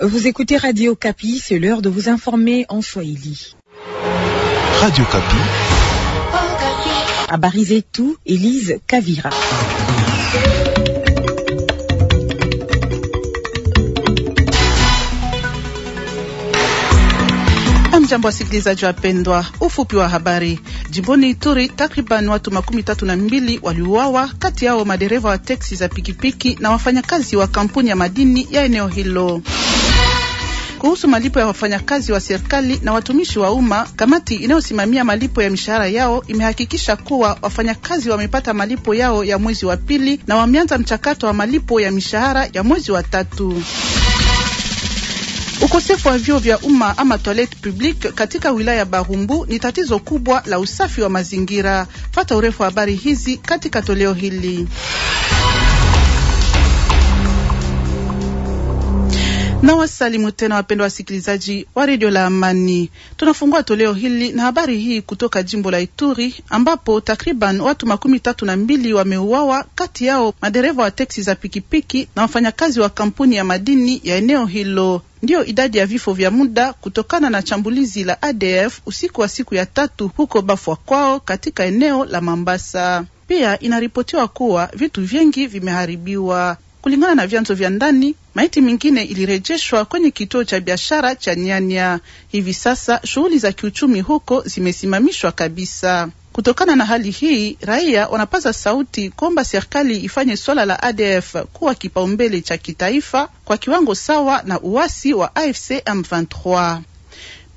Vous écoutez Radio Capi, c'est l'heure de vous informer en Swahili. Radio Kapi. À tout, Élise Kavira. Jambo wasikilizaji wapendwa, ufupi wa habari. Jimboni Ituri, takriban watu makumi tatu na mbili waliuawa, kati yao madereva wa teksi za pikipiki na wafanyakazi wa kampuni ya madini ya eneo hilo. Kuhusu malipo ya wafanyakazi wa serikali na watumishi wa umma, kamati inayosimamia malipo ya mishahara yao imehakikisha kuwa wafanyakazi wamepata malipo yao ya mwezi wa pili na wameanza mchakato wa malipo ya mishahara ya mwezi wa tatu. Ukosefu wa vyoo vya umma ama toilet public katika wilaya ya Barumbu ni tatizo kubwa la usafi wa mazingira. Fata urefu wa habari hizi katika toleo hili. na wasalimu tena wapendwa wasikilizaji wa redio la Amani. Tunafungua toleo hili na habari hii kutoka jimbo la Ituri ambapo takriban watu makumi tatu na mbili wameuawa, kati yao madereva wa teksi za pikipiki na wafanyakazi wa kampuni ya madini ya eneo hilo. Ndiyo idadi ya vifo vya muda kutokana na shambulizi la ADF usiku wa siku ya tatu huko Bafwa kwao katika eneo la Mambasa. Pia inaripotiwa kuwa vitu vingi vimeharibiwa kulingana na vyanzo vya ndani. Maiti mingine ilirejeshwa kwenye kituo cha biashara cha Nyanya. Hivi sasa shughuli za kiuchumi huko zimesimamishwa kabisa. Kutokana na hali hii, raia wanapaza sauti kuomba serikali ifanye swala la ADF kuwa kipaumbele cha kitaifa kwa kiwango sawa na uasi wa AFC M23.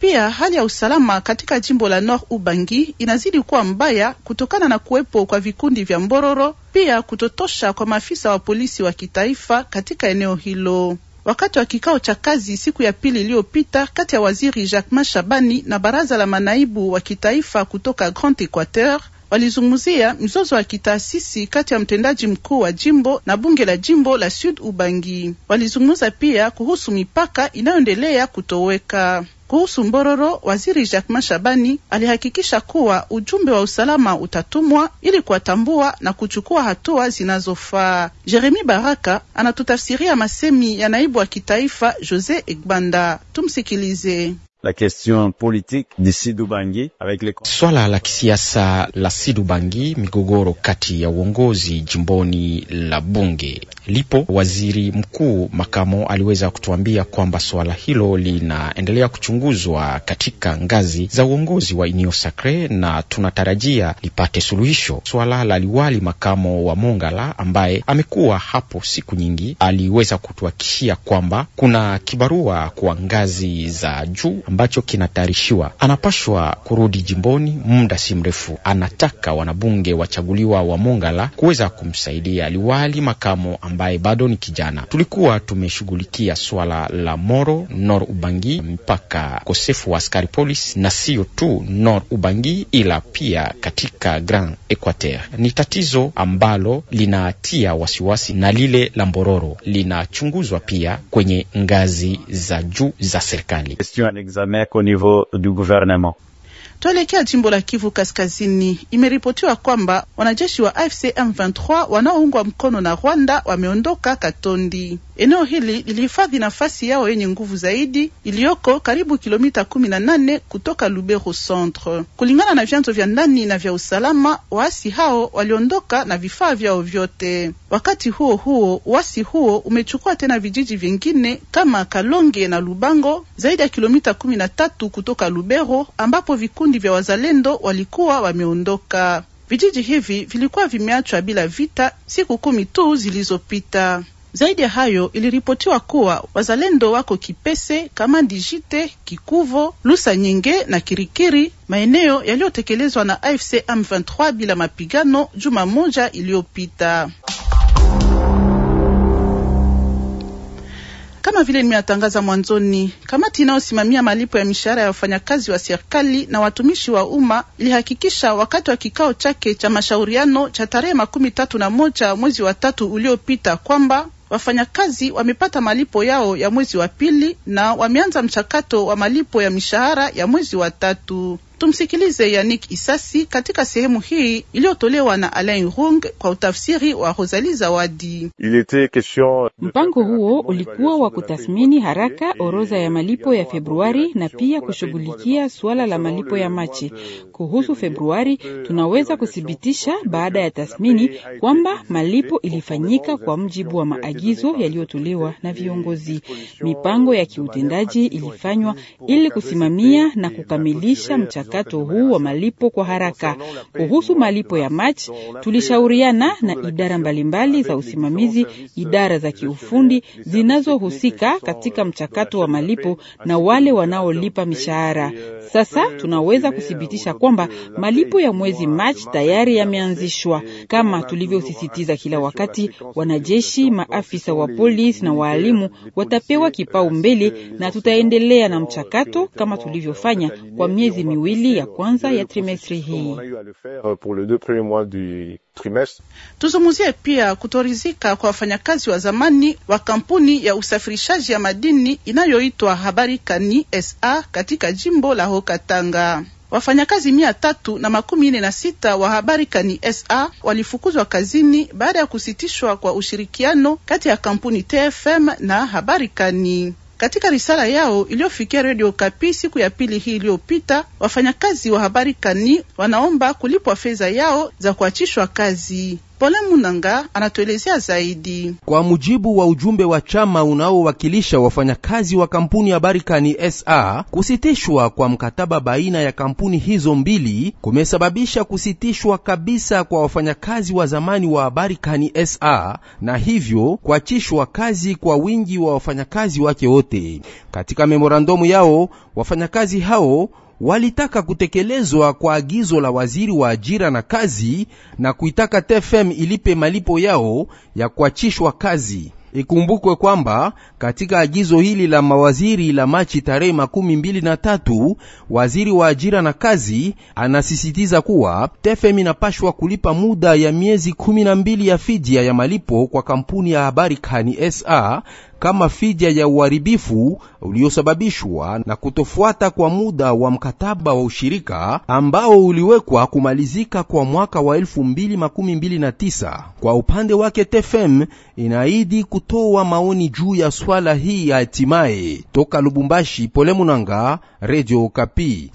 Pia hali ya usalama katika jimbo la Nord Ubangi inazidi kuwa mbaya kutokana na kuwepo kwa vikundi vya mbororo, pia kutotosha kwa maafisa wa polisi wa kitaifa katika eneo hilo. Wakati wa kikao cha kazi siku ya pili iliyopita kati ya waziri Jacquemain Shabani na baraza la manaibu wa kitaifa kutoka Grand Equateur walizungumzia mzozo wa kitaasisi kati ya mtendaji mkuu wa jimbo na bunge la jimbo la Sud Ubangi. Walizungumza pia kuhusu mipaka inayoendelea kutoweka. Kuhusu Mbororo, waziri Jacques Mashabani alihakikisha kuwa ujumbe wa usalama utatumwa ili kuwatambua na kuchukua hatua zinazofaa. Jeremi Baraka anatutafsiria masemi ya naibu wa kitaifa Jose Egbanda, tumsikilize. La question politique de Sidou avec Swala la kisiasa la Sidou migogoro kati ya uongozi jimboni la bunge lipo. Waziri mkuu makamo aliweza kutuambia kwamba suala hilo linaendelea kuchunguzwa katika ngazi za uongozi wa Inio Sacre na tunatarajia lipate suluhisho. Suala la liwali makamo wa Mongala ambaye amekuwa hapo siku nyingi aliweza kutuhakishia kwamba kuna kibarua kwa ngazi za juu ambacho kinatayarishiwa, anapashwa kurudi jimboni muda si mrefu. Anataka wanabunge wachaguliwa wa Mongala kuweza kumsaidia liwali makamo ambaye bado ni kijana. Tulikuwa tumeshughulikia swala la Moro Nor Ubangi, mpaka ukosefu wa askari polisi, na sio tu Nor Ubangi ila pia katika Grand Equateur. Ni tatizo ambalo linatia wasiwasi, na lile la Mbororo linachunguzwa pia kwenye ngazi za juu za serikali. Tuelekea jimbo la Kivu Kaskazini. Imeripotiwa kwamba wanajeshi wa AFC M23 wanaoungwa mkono na Rwanda wameondoka Katondi. Eneo hili lilihifadhi nafasi yao yenye nguvu zaidi iliyoko karibu kilomita 18 kutoka Lubero Centre. Kulingana na vyanzo vya ndani na vya usalama, waasi hao waliondoka na vifaa vyao vyote. Wakati huo huo, uasi huo umechukua tena vijiji vingine kama Kalonge na Lubango, zaidi ya kilomita 13 kutoka Lubero ambapo viku vikundi vya wazalendo walikuwa wameondoka. Vijiji hivi vilikuwa vimeachwa bila vita siku kumi tu zilizopita. Zaidi ya hayo, iliripotiwa kuwa wazalendo wako Kipese, Kamandi Jite, Kikuvo, Lusa Nyenge na Kirikiri, maeneo yaliyotekelezwa na AFC M23 bila mapigano juma moja iliyopita. Kama vile nimeatangaza mwanzoni, kamati inayosimamia malipo ya mishahara ya wafanyakazi wa serikali na watumishi wa umma ilihakikisha wakati wa kikao chake cha mashauriano cha tarehe makumi tatu na moja mwezi wa tatu uliopita kwamba wafanyakazi wamepata malipo yao ya mwezi wa pili na wameanza mchakato wa malipo ya mishahara ya mwezi wa tatu. Tumsikilize Yannick Isasi katika sehemu hii iliyotolewa na Alain Rung kwa utafsiri wa rosali Zawadi. Mpango huo ulikuwa wa kutathmini haraka orodha ya malipo ya Februari na pia kushughulikia suala la malipo ya Machi. Kuhusu Februari, tunaweza kuthibitisha baada ya tathmini kwamba malipo ilifanyika kwa mjibu wa maagizo yaliyotolewa na viongozi. Mipango ya kiutendaji ilifanywa ili kusimamia na kukamilisha mchakato mchakato huu wa malipo kwa haraka. Kuhusu malipo ya Machi, tulishauriana na idara mbalimbali za usimamizi, idara za kiufundi zinazohusika katika mchakato wa malipo na wale wanaolipa mishahara. Sasa tunaweza kuthibitisha kwamba malipo ya mwezi Machi tayari yameanzishwa. Kama tulivyosisitiza kila wakati, wanajeshi, maafisa wa polisi na waalimu watapewa kipaumbele na tutaendelea na mchakato kama tulivyofanya kwa miezi miwili mbili ya kwanza ya trimestri hii. Tuzungumzie pia kutorizika kwa wafanyakazi wa zamani wa kampuni ya usafirishaji ya madini inayoitwa Habari Kani SA katika jimbo la Hokatanga. Wafanyakazi mia tatu na makumi nne na sita wa Habari Kani SA walifukuzwa kazini baada ya kusitishwa kwa ushirikiano kati ya kampuni TFM na Habari Kani. Katika risala yao iliyofikia redio Kapi siku ya pili hii iliyopita, wafanyakazi wa habari kani wanaomba kulipwa fedha yao za kuachishwa kazi. Pole Munanga anatuelezea zaidi. Kwa mujibu wa ujumbe wa chama unaowakilisha wafanyakazi wa kampuni ya Barikani SA, kusitishwa kwa mkataba baina ya kampuni hizo mbili kumesababisha kusitishwa kabisa kwa wafanyakazi wa zamani wa Barikani SA na hivyo kuachishwa kazi kwa wingi wa wafanyakazi wake wote. Katika memorandumu yao, wafanyakazi hao walitaka kutekelezwa kwa agizo la waziri wa ajira na kazi na kuitaka TFM ilipe malipo yao ya kuachishwa kazi. Ikumbukwe kwamba katika agizo hili la mawaziri la Machi tarehe makumi mbili na tatu, waziri wa ajira na kazi anasisitiza kuwa TFM inapashwa kulipa muda ya miezi kumi na mbili ya fidia ya malipo kwa kampuni ya habari Kani SA kama fidia ya uharibifu uliosababishwa na kutofuata kwa muda wa mkataba wa ushirika ambao uliwekwa kumalizika kwa mwaka wa 2029. Kwa upande wake TFM inaahidi kutoa maoni juu ya swala hii hatimaye. Toka Lubumbashi, Pole Munanga, Radio Kapi.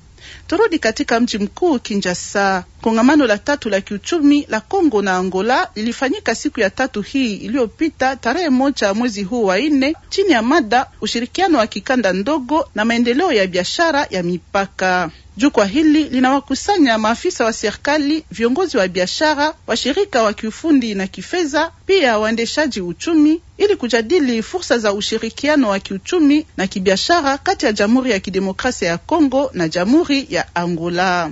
Turudi katika mji mkuu Kinshasa. Kongamano la tatu la kiuchumi la Kongo na Angola lilifanyika siku ya tatu hii iliyopita tarehe moja mwezi huu wa nne, chini ya mada ushirikiano wa kikanda ndogo na maendeleo ya biashara ya mipaka. Jukwaa hili linawakusanya maafisa wa serikali, viongozi wa biashara, washirika wa kiufundi na kifedha, pia waendeshaji uchumi ili kujadili fursa za ushirikiano wa kiuchumi na kibiashara kati ya Jamhuri ya Kidemokrasia ya Kongo na Jamhuri ya Angola.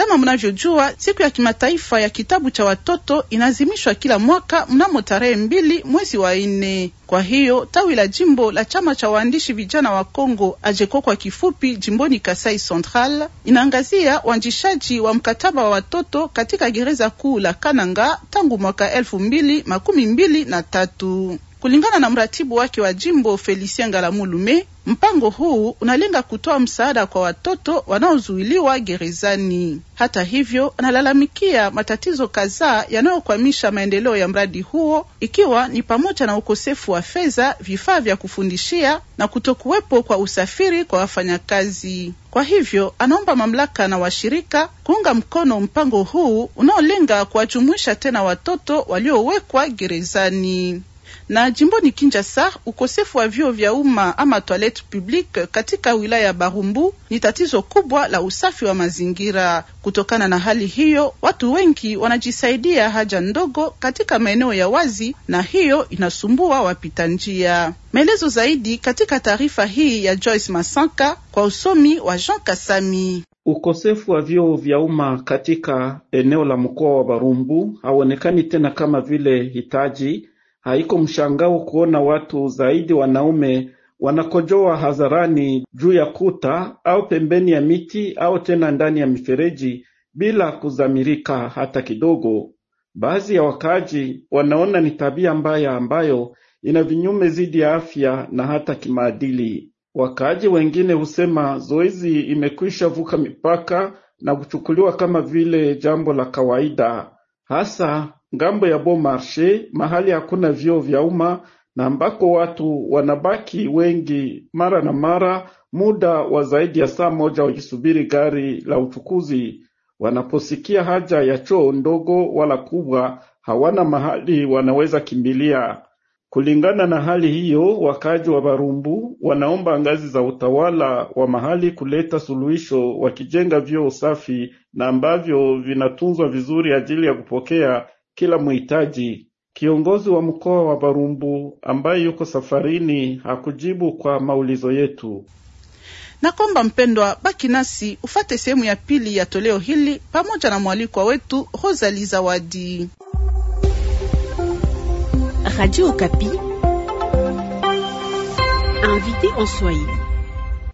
Kama mnavyojua, siku ya kimataifa ya kitabu cha watoto inaazimishwa kila mwaka mnamo tarehe mbili mwezi wa nne. Kwa hiyo tawi la jimbo la chama cha waandishi vijana wa Kongo ajeko kwa kifupi jimboni Kasai Central inaangazia uanzishaji wa mkataba wa watoto katika gereza kuu la Kananga tangu mwaka elfu mbili makumi mbili na tatu kulingana na mratibu wake wa jimbo Felicien Ngalamulume. Mpango huu unalenga kutoa msaada kwa watoto wanaozuiliwa gerezani. Hata hivyo, analalamikia matatizo kadhaa yanayokwamisha maendeleo ya mradi huo, ikiwa ni pamoja na ukosefu wa fedha, vifaa vya kufundishia na kutokuwepo kwa usafiri kwa wafanyakazi. Kwa hivyo anaomba mamlaka na washirika kuunga mkono mpango huu unaolenga kuwajumuisha tena watoto waliowekwa gerezani. Na jimboni Kinshasa, ukosefu wa vyoo vya umma ama toilet public katika wilaya ya Barumbu ni tatizo kubwa la usafi wa mazingira. Kutokana na hali hiyo, watu wengi wanajisaidia haja ndogo katika maeneo ya wazi, na hiyo inasumbua wapita njia. Maelezo zaidi katika taarifa hii ya Joyce Masanka kwa usomi wa Jean Kasami. Ukosefu wa vyoo vya umma katika eneo la mkoa wa Barumbu hauonekani tena kama vile hitaji haiko mshangao kuona watu zaidi wanaume wanakojoa hadharani juu ya kuta au pembeni ya miti au tena ndani ya mifereji bila kuzamirika hata kidogo. Baadhi ya wakaaji wanaona ni tabia mbaya ambayo ina vinyume dhidi ya afya na hata kimaadili. Wakaaji wengine husema zoezi imekwisha vuka mipaka na kuchukuliwa kama vile jambo la kawaida, hasa ngambo ya Bon Marche, mahali hakuna vyoo vya umma na ambako watu wanabaki wengi mara na mara muda wa zaidi ya saa moja wakisubiri gari la uchukuzi. Wanaposikia haja ya choo ndogo wala kubwa, hawana mahali wanaweza kimbilia. Kulingana na hali hiyo, wakaji wa Barumbu wanaomba ngazi za utawala wa mahali kuleta suluhisho, wakijenga vyoo safi na ambavyo vinatunzwa vizuri ajili ya kupokea kila mhitaji Kiongozi wa mkoa wa Barumbu ambaye yuko safarini hakujibu kwa maulizo yetu. Nakomba mpendwa, baki nasi ufate sehemu ya pili ya toleo hili pamoja na mwalikwa wetu Rosalie Zawadi. Radio Okapi, invité en Swahili.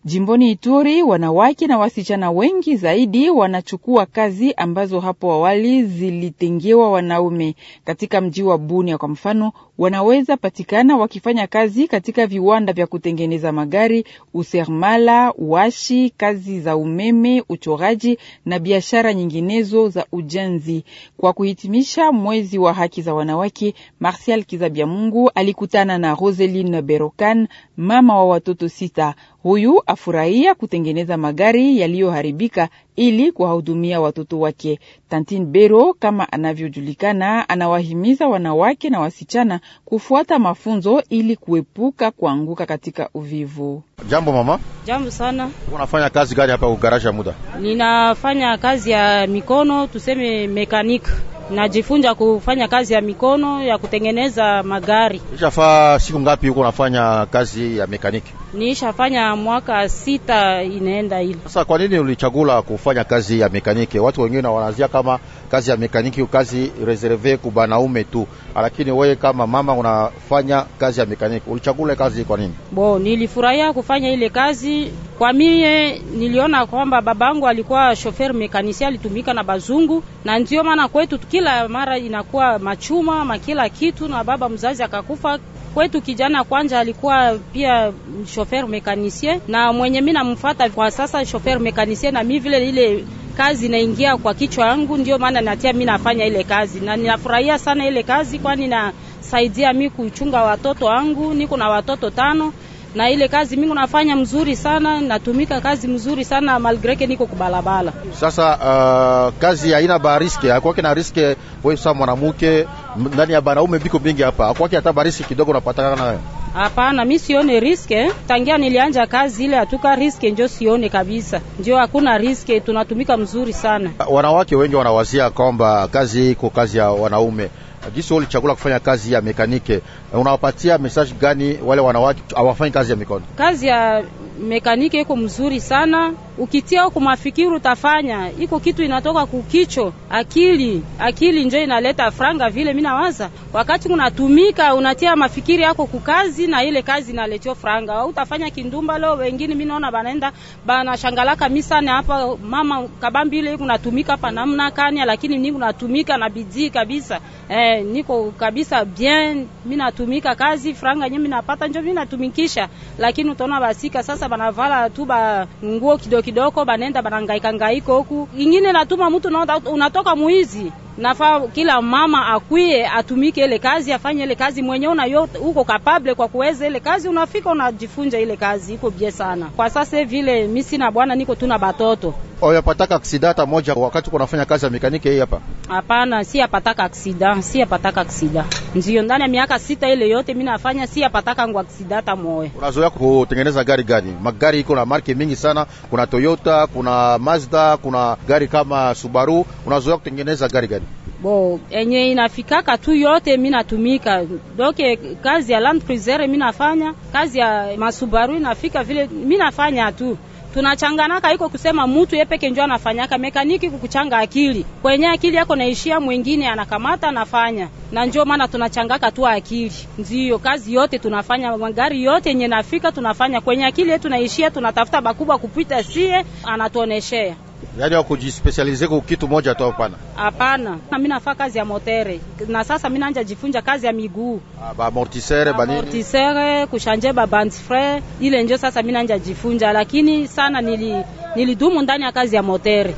Jimboni Ituri, wanawake na wasichana wengi zaidi wanachukua kazi ambazo hapo awali zilitengewa wanaume. Katika mji wa Bunia kwa mfano, wanaweza patikana wakifanya kazi katika viwanda vya kutengeneza magari, usermala, uashi, kazi za umeme, uchoraji na biashara nyinginezo za ujenzi. Kwa kuhitimisha mwezi wa haki za wanawake, Martial Kizabiamungu alikutana na Roseline Berokan, mama wa watoto sita. Huyu afurahia kutengeneza magari yaliyoharibika ili kuwahudumia watoto wake. Tantin Bero, kama anavyojulikana, anawahimiza wanawake na wasichana kufuata mafunzo ili kuepuka kuanguka katika uvivu. Jambo mama. Jambo sana. Unafanya kazi gani hapa ugarasha muda? Ninafanya kazi ya mikono, tuseme mekanika najifunza kufanya kazi ya mikono ya kutengeneza magari. Ishafaa siku ngapi huko unafanya kazi ya mekaniki? niishafanya mwaka sita inaenda hilo. Sasa kwa nini ulichagula kufanya kazi ya mekanike? Watu wengine wanaanzia kama kazi ya mekaniki kazi reserve kubanaume tu, lakini wewe kama mama unafanya kazi ya mekaniki, ulichagula kazi kwa nini? Bo, nilifurahia kufanya ile kazi kwa mie niliona kwamba babangu alikuwa shofer mekanisia, alitumika na bazungu, na ndio maana kwetu kila mara inakuwa machuma makila kitu, na baba mzazi akakufa kwetu kijana kwanja alikuwa pia shofer mécanicien, na mwenye mi namfuata kwa sasa shofer mécanicien, na mi vile ile kazi inaingia kwa kichwa yangu, ndio maana natia mi nafanya ile kazi na ninafurahia sana ile kazi, kwani nasaidia mi kuchunga watoto wangu, niko na watoto tano na ile kazi mingi nafanya mzuri sana, natumika kazi mzuri sana malgreke niko kubalabala. Sasa uh, kazi haina ba riske, hakwake na riske wewe sasa mwanamuke ndani ya banaume biko mingi hapa, hakwake hata ba riske kidogo unapatana nayo. Hapana, mi sione riske tangia nilianja kazi ile, hatuka riske njo sione kabisa, njo hakuna riske, tunatumika mzuri sana. Wanawake wengi wanawazia kwamba kazi iko kazi ya wanaume gisi uh, lichagula kufanya kazi ya mekanike, uh, unawapatia message gani wale wanawake hawafanyi kazi ya mikono? Kazi ya mekanike iko mzuri sana ukitia mafikiri utafanya iko kitu inatoka kukicho akili. Akili njo inaleta franga. Vile mimi nawaza, wakati unatumika unatia mafikiri yako kukazi, na ile kazi inaletio franga, au utafanya kindumba leo. Wengine mimi naona banaenda bana shangalaka misana hapa, mama kabambi ile kunatumika hapa namna kani, lakini mimi natumika na bidii kabisa. Eh, niko kabisa bien, mimi natumika kazi, franga nyingi napata, njo mimi natumikisha. Lakini utaona basika sasa banavala tu ba nguo kidogo kidoko banenda banangaika ngaika huku, ingine natuma mtu unatoka muizi. Nafaa kila mama akwie atumike ile kazi, afanye ile kazi mwenye unayo uko kapable kwa kuweza ile kazi, unafika unajifunza ile kazi, iko bie sana kwa sasa. Vile mimi sina bwana, niko tuna batoto oyapataka aksida hata moja wakati kunafanya kazi ya mekanike hii hapa? Hapana, si yapataka aksida, si yapataka aksida. Ndio ndani ya miaka sita ile yote mimi nafanya si yapataka ngu aksida hata moja. Unazoea kutengeneza gari gani? Magari iko na marke mingi sana, kuna Toyota, kuna Mazda, kuna gari kama Subaru. Unazoea kutengeneza gari gani? Bo, enye inafikaka tu yote mimi natumika. Doke kazi ya Land Cruiser mimi nafanya, kazi ya Masubaru inafika vile mimi nafanya tu tunachanganaka iko kusema mutu yepeke njo anafanyaka mekaniki kukuchanga akili kwenye akili yako naishia, mwingine anakamata anafanya, na njo maana tunachangaka tu akili. Ndio kazi yote tunafanya, magari yote yenye nafika tunafanya kwenye akili yetu naishia, tunatafuta bakubwa kupita sie, anatuoneshea yaani wakujispesialize kwa kitu moja tu? Hapana, hapana, mimi nafaa kazi ya motere na sasa mimi nanja jifunja kazi ya miguu ah, ba mortisere ba nini mortisere kushanje ba bandfre ile ndio sasa mimi nanja jifunja, lakini sana nili nilidumu ndani ya kazi ya motere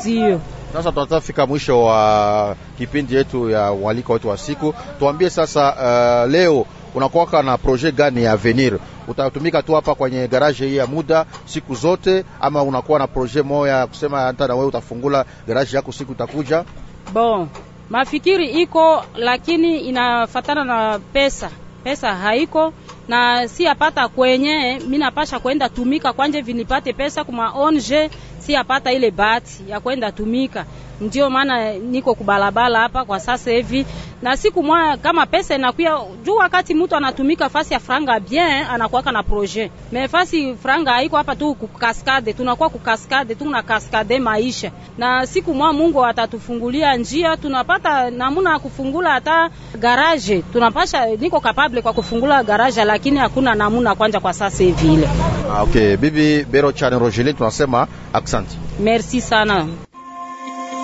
ndio sasa tunatafika mwisho wa kipindi yetu ya mwaliko wetu wa siku. Tuambie sasa, uh, leo unakuwa na projet gani ya avenir utatumika tu hapa kwenye garaje hii ya muda siku zote, ama unakuwa na proje moya ya kusema hata na wewe utafungula garaje yako siku itakuja? Bon, mafikiri iko lakini inafatana na pesa. Pesa haiko na si apata kwenye mimi napasha kwenda tumika kwanje vinipate pesa kuma onje, si apata ile bahati ya kwenda tumika ndio maana niko kubalabala hapa kwa sasa hivi, na siku mwa kama pesa inakuya juu, wakati mtu anatumika fasi ya franga bien, anakuwa na projet me fasi franga haiko hapa tu kukaskade, tunakuwa kukaskade, tuna kaskade maisha, na siku mwa Mungu atatufungulia njia, tunapata namuna kufungula hata garage, tunapasha niko kapable kwa kufungula garage, lakini hakuna namuna kwanja kwa sasa hivi ile. Ah, okay, bibi Bero Chane Rogeline tunasema aksanti. Merci sana.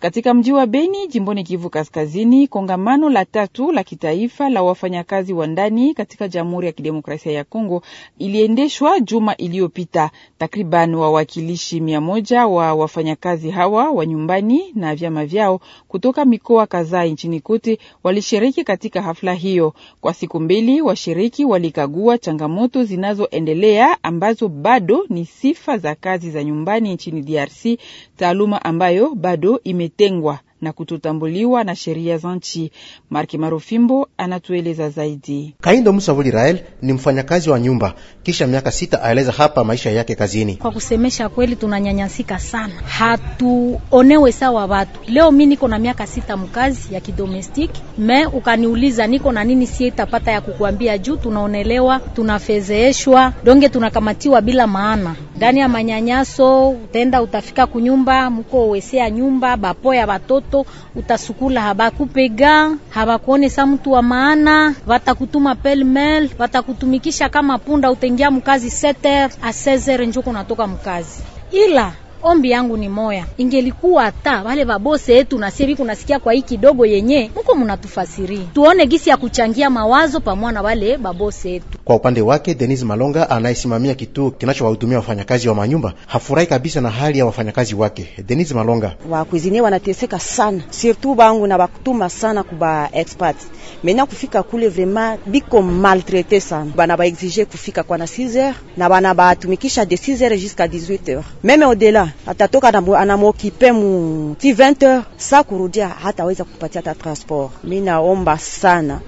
Katika mji wa Beni jimboni Kivu Kaskazini, kongamano la tatu la kitaifa la wafanyakazi wa ndani katika Jamhuri ya Kidemokrasia ya Kongo iliendeshwa juma iliyopita. Takriban wawakilishi mia moja wa wafanyakazi hawa wa nyumbani na vyama vyao kutoka mikoa kadhaa nchini kote walishiriki katika hafla hiyo. Kwa siku mbili, washiriki walikagua changamoto zinazoendelea ambazo bado ni sifa za kazi za nyumbani nchini DRC, taaluma ambayo bado ime Tengua. na kutotambuliwa na sheria za nchi. Marki Marofimbo anatueleza zaidi. Kaindo Musavuli Rael ni mfanyakazi wa nyumba, kisha miaka sita aeleza hapa maisha yake kazini. Kwa kusemesha kweli, tunanyanyasika sana, hatuonewe sawa watu. Leo mi niko na miaka sita mkazi ya kidomestik me ukaniuliza niko na nini, sie itapata ya kukuambia juu tunaonelewa, tunafezeeshwa donge, tunakamatiwa bila maana ndani ya manyanyaso. Utaenda utafika kunyumba, mko wesea nyumba bapoya watoto moto utasukula, habakupega habakuonesa mtu wa maana, watakutuma pelmel, watakutumikisha kama punda. Utengia mkazi seter a sezer njoko natoka mkazi, ila ombi yangu ni moya, ingelikuwa hata wale babose yetu nasevi nasikia kwa hii kidogo yenye muko munatufasiria, tuone gisi ya kuchangia mawazo pamoja na wale babose yetu. Kwa upande wake, Denis Malonga anayesimamia kituo kinachowahudumia wafanyakazi wa manyumba hafurahi kabisa na hali ya wafanyakazi wake. Denis Malonga: wakuizinie wanateseka sana, surtout bangu na bakutuma sana kuba expat mena kufika kule vrema biko maltrete sana, bana baexige kufika kwa na 6h na bana batumikisha de 6h jusqu'à 18h meme odela, atatoka anamokipe mu 20h, sa kurudia hataweza kupatia ta transport. Minaomba sana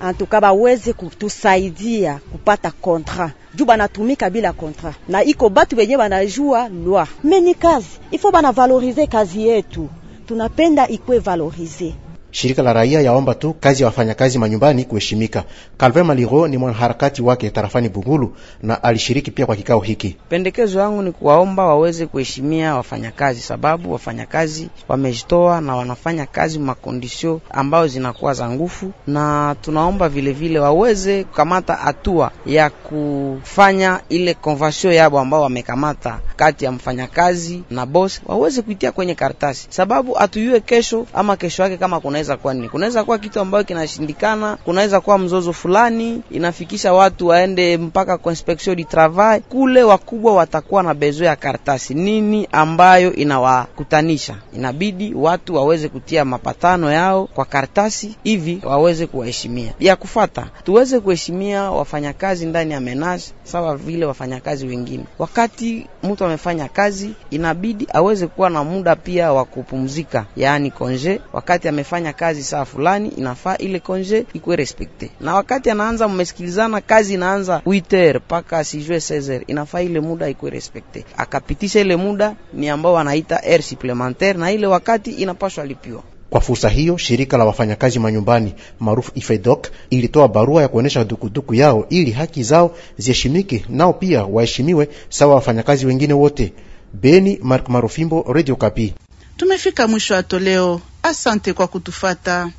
antuka baweze kutusaidia kupata kontra juu banatumika bila kontra, na iko batu benye banajua lwa meni kazi ifo banavalorize kazi yetu, tunapenda ikwe valorize Shirika la raia yaomba tu kazi ya wafanyakazi manyumbani kuheshimika. Calvin Maliro ni mwanaharakati wake tarafani Bungulu na alishiriki pia kwa kikao hiki. Pendekezo yangu ni kuwaomba waweze kuheshimia wafanyakazi, sababu wafanyakazi wamejitoa na wanafanya kazi makondisio ambayo zinakuwa za nguvu, na tunaomba vilevile vile waweze kukamata hatua ya kufanya ile konvasio yabo ambao wamekamata kati ya mfanyakazi na bosi, waweze kuitia kwenye karatasi, sababu hatujue kesho ama kesho yake kama kuna kunaweza kuwa nini? Kunaweza kuwa kitu ambayo kinashindikana, kunaweza kuwa mzozo fulani inafikisha watu waende mpaka kwa inspection du travail. Kule wakubwa watakuwa na bezo ya karatasi nini ambayo inawakutanisha, inabidi watu waweze kutia mapatano yao kwa karatasi hivi waweze kuwaheshimia. Ya kufata tuweze kuheshimia wafanyakazi ndani ya menage sawa vile wafanyakazi wengine. Wakati mtu amefanya kazi, inabidi aweze kuwa na muda pia wa kupumzika, yaani konje. Wakati amefanya anafanya kazi saa fulani, inafaa ile konje ikuwe respekte, na wakati anaanza mmesikilizana, kazi inaanza 8h mpaka sijue 16h, inafaa ile muda ikuwe respekte. Akapitisha ile muda ni ambao wanaita air supplementaire, na ile wakati inapaswa lipiwa. Kwa fursa hiyo shirika la wafanyakazi manyumbani maarufu IFEDOC ilitoa barua ya kuonyesha dukuduku yao ili haki zao ziheshimike, nao pia waheshimiwe sawa wafanyakazi wengine wote. Beni, Mark Marufimbo, Radio Kapi. Tumefika mwisho wa toleo. Asante kwa kutufata.